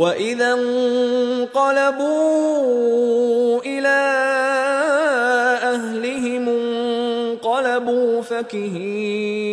وإذا انقلبوا إلى أهلهم انقلبوا فكهين